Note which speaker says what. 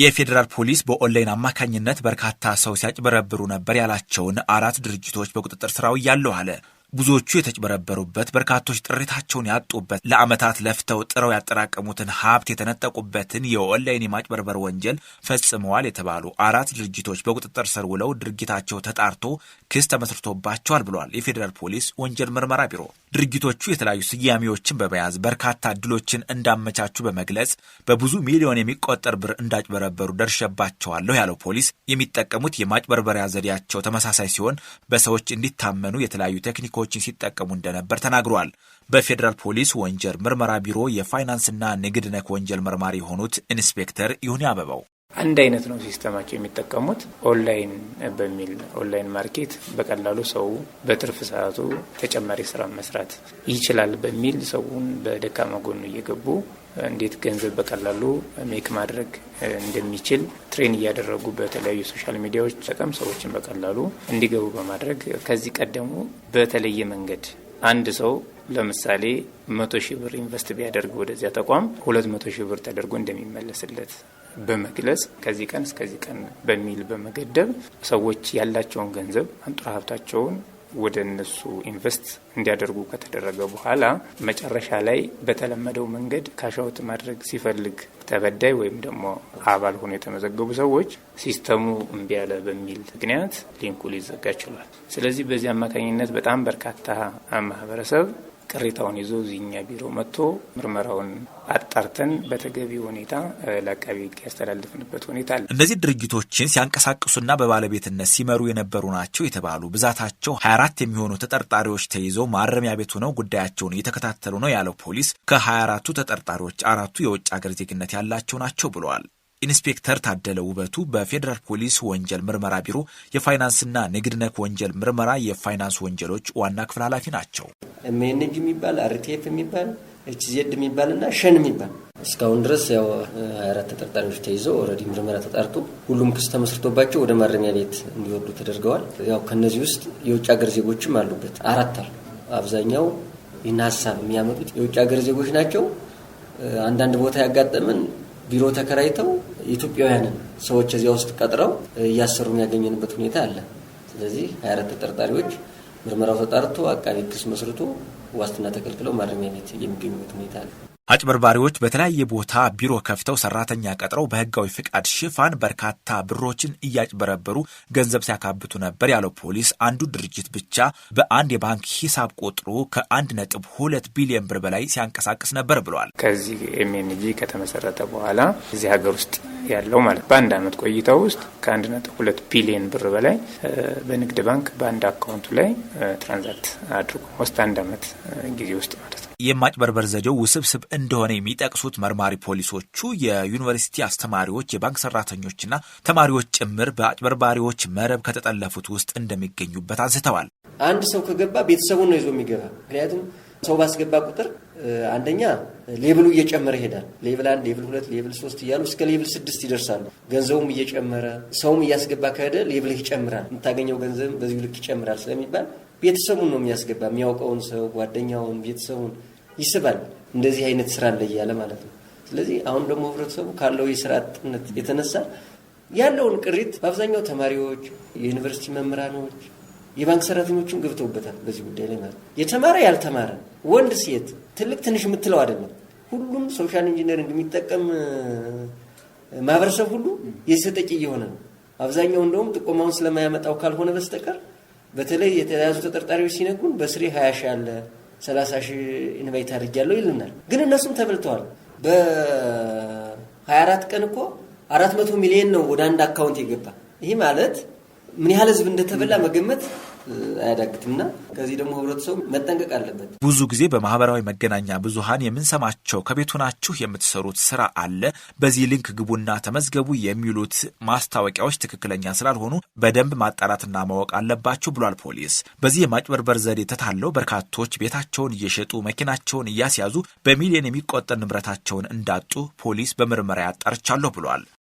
Speaker 1: የፌዴራል ፖሊስ በኦንላይን አማካኝነት በርካታ ሰው ሲያጭበረብሩ ነበር ያላቸውን አራት ድርጅቶች በቁጥጥር ስራው እያለሁ አለ። ብዙዎቹ የተጭበረበሩበት፣ በርካቶች ጥሪታቸውን ያጡበት፣ ለዓመታት ለፍተው ጥረው ያጠራቀሙትን ሀብት የተነጠቁበትን የኦንላይን የማጭበርበር ወንጀል ፈጽመዋል የተባሉ አራት ድርጅቶች በቁጥጥር ስር ውለው ድርጊታቸው ተጣርቶ ክስ ተመስርቶባቸዋል ብሏል የፌዴራል ፖሊስ ወንጀል ምርመራ ቢሮ። ድርጊቶቹ የተለያዩ ስያሜዎችን በመያዝ በርካታ እድሎችን እንዳመቻቹ በመግለጽ በብዙ ሚሊዮን የሚቆጠር ብር እንዳጭበረበሩ ደርሸባቸዋለሁ ያለው ፖሊስ የሚጠቀሙት የማጭበርበሪያ ዘዴያቸው ተመሳሳይ ሲሆን በሰዎች እንዲታመኑ የተለያዩ ቴክኒኮችን ሲጠቀሙ እንደነበር ተናግሯል። በፌዴራል ፖሊስ ወንጀል ምርመራ ቢሮ የፋይናንስና ንግድ ነክ ወንጀል መርማሪ የሆኑት ኢንስፔክተር ይሁኔ አበባው
Speaker 2: አንድ አይነት ነው ሲስተማቸው የሚጠቀሙት። ኦንላይን በሚል ኦንላይን ማርኬት በቀላሉ ሰው በትርፍ ሰዓቱ ተጨማሪ ስራ መስራት ይችላል በሚል ሰውን በደካማ ጎኑ እየገቡ እንዴት ገንዘብ በቀላሉ ሜክ ማድረግ እንደሚችል ትሬን እያደረጉ በተለያዩ ሶሻል ሚዲያዎች ጠቀም ሰዎችን በቀላሉ እንዲገቡ በማድረግ ከዚህ ቀደሙ በተለየ መንገድ አንድ ሰው ለምሳሌ መቶ ሺህ ብር ኢንቨስት ቢያደርግ ወደዚያ ተቋም ሁለት መቶ ሺህ ብር ተደርጎ እንደሚመለስለት በመግለጽ ከዚህ ቀን እስከዚህ ቀን በሚል በመገደብ ሰዎች ያላቸውን ገንዘብ አንጡራ ሀብታቸውን ወደ እነሱ ኢንቨስት እንዲያደርጉ ከተደረገ በኋላ መጨረሻ ላይ በተለመደው መንገድ ካሻውት ማድረግ ሲፈልግ ተበዳይ ወይም ደግሞ አባል ሆኖ የተመዘገቡ ሰዎች ሲስተሙ እምቢ ያለ በሚል ምክንያት ሊንኩ ሊዘጋ ችሏል። ስለዚህ በዚህ አማካኝነት በጣም በርካታ ማህበረሰብ ቅሬታውን ይዞ እዚህኛ ቢሮ መጥቶ ምርመራውን አጣርተን በተገቢ ሁኔታ ለአቃቢ ሕግ ያስተላልፍንበት ሁኔታ አለ።
Speaker 1: እነዚህ ድርጅቶችን ሲያንቀሳቅሱና በባለቤትነት ሲመሩ የነበሩ ናቸው የተባሉ ብዛታቸው 24 የሚሆኑ ተጠርጣሪዎች ተይዘው ማረሚያ ቤት ሆነው ጉዳያቸውን እየተከታተሉ ነው ያለው ፖሊስ ከ24ቱ ተጠርጣሪዎች አራቱ የውጭ አገር ዜግነት ያላቸው ናቸው ብለዋል። ኢንስፔክተር ታደለ ውበቱ በፌዴራል ፖሊስ ወንጀል ምርመራ ቢሮ የፋይናንስና ንግድ ነክ ወንጀል ምርመራ የፋይናንስ ወንጀሎች ዋና ክፍል ኃላፊ ናቸው።
Speaker 3: ሜንጅ የሚባል አርቴፍ የሚባል ኤችዜድ የሚባል ሸን የሚባል እስካሁን ድረስ ያው 24 አራት ተጠርጣሪዎች ተይዘው ኦልሬዲ ምርመራ ተጣርቶ ሁሉም ክስ ተመስርቶባቸው ወደ ማረሚያ ቤት እንዲወርዱ ተደርገዋል። ያው ከነዚህ ውስጥ የውጭ ሀገር ዜጎችም አሉበት አራት አሉ። አብዛኛው ይህን ሀሳብ የሚያመጡት የውጭ ሀገር ዜጎች ናቸው። አንዳንድ ቦታ ያጋጠምን ቢሮ ተከራይተው ኢትዮጵያውያንን ሰዎች እዚያ ውስጥ ቀጥረው እያሰሩ ያገኘንበት ሁኔታ አለ። ስለዚህ 24 ተጠርጣሪዎች ምርመራው ተጣርቶ አቃቢ ክስ መስርቶ ዋስትና ተከልክለው ማረሚያ ቤት የሚገኙበት ሁኔታ አለ።
Speaker 1: አጭበርባሪዎች በተለያየ ቦታ ቢሮ ከፍተው ሰራተኛ ቀጥረው በህጋዊ ፍቃድ ሽፋን በርካታ ብሮችን እያጭበረበሩ ገንዘብ ሲያካብቱ ነበር ያለው ፖሊስ አንዱ ድርጅት ብቻ በአንድ የባንክ ሂሳብ ቆጥሮ ከአንድ ነጥብ ሁለት ቢሊዮን ብር በላይ ሲያንቀሳቅስ ነበር ብለዋል።
Speaker 2: ከዚህ ኤምኤንጂ ከተመሰረተ በኋላ እዚህ ሀገር ውስጥ ያለው ማለት በአንድ አመት ቆይታ ውስጥ ከአንድ ነጥብ ሁለት ቢሊዮን ብር በላይ በንግድ ባንክ በአንድ አካውንቱ ላይ ትራንዛክት አድርጎ ወስጥ አንድ አመት ጊዜ ውስጥ ማለት
Speaker 1: ነው። የማጭበርበር ዘዴው ውስብስብ እንደሆነ የሚጠቅሱት መርማሪ ፖሊሶቹ የዩኒቨርሲቲ አስተማሪዎች፣ የባንክ ሰራተኞችና ተማሪዎች ጭምር በአጭበርባሪዎች መረብ ከተጠለፉት ውስጥ እንደሚገኙበት አንስተዋል።
Speaker 3: አንድ ሰው ከገባ ቤተሰቡን ነው ይዞ የሚገባ። ምክንያቱም ሰው ባስገባ ቁጥር አንደኛ ሌብሉ እየጨመረ ይሄዳል። ሌብል አንድ፣ ሌብል ሁለት፣ ሌብል ሶስት እያሉ እስከ ሌብል ስድስት ይደርሳሉ። ገንዘቡም እየጨመረ ሰውም እያስገባ ከሄደ ሌብልህ ይጨምራል፣ የምታገኘው ገንዘብ በዚሁ ልክ ይጨምራል ስለሚባል ቤተሰቡን ነው የሚያስገባ የሚያውቀውን ሰው ጓደኛውን፣ ቤተሰቡን ይስባል። እንደዚህ አይነት ስራ አለ እያለ ማለት ነው። ስለዚህ አሁን ደግሞ ህብረተሰቡ ካለው የስራ አጥነት የተነሳ ያለውን ቅሪት በአብዛኛው ተማሪዎች፣ የዩኒቨርሲቲ መምህራኖች፣ የባንክ ሰራተኞችን ገብተውበታል በዚህ ጉዳይ ላይ ማለት ነው። የተማረ ያልተማረ፣ ወንድ ሴት፣ ትልቅ ትንሽ የምትለው አይደለም። ሁሉም ሶሻል ኢንጂነሪንግ የሚጠቀም ማህበረሰብ ሁሉ የሰጠቂ እየሆነ ነው። አብዛኛው እንደውም ጥቆማውን ስለማያመጣው ካልሆነ በስተቀር በተለይ የተያዙ ተጠርጣሪዎች ሲነጉን በስሬ ሀያ ሺህ አለ ሰላሳ ሺህ ኢንቫይት አድርጊያለሁ ይልናል። ግን እነሱም ተበልተዋል። በ24 ቀን እኮ አራት መቶ ሚሊዮን ነው ወደ አንድ አካውንት የገባ ይህ ማለት ምን ያህል ህዝብ እንደተበላ መገመት አያዳግትምና ከዚህ ደግሞ ህብረተሰቡ መጠንቀቅ አለበት።
Speaker 1: ብዙ ጊዜ በማህበራዊ መገናኛ ብዙሃን የምንሰማቸው ከቤት ናችሁ የምትሰሩት ስራ አለ፣ በዚህ ሊንክ ግቡና ተመዝገቡ የሚሉት ማስታወቂያዎች ትክክለኛ ስላልሆኑ በደንብ ማጣራትና ማወቅ አለባችሁ ብሏል ፖሊስ። በዚህ የማጭበርበር ዘዴ ተታለው በርካቶች ቤታቸውን እየሸጡ መኪናቸውን እያስያዙ በሚሊዮን የሚቆጠር ንብረታቸውን እንዳጡ ፖሊስ በምርመራ ያጣርቻለሁ ብሏል።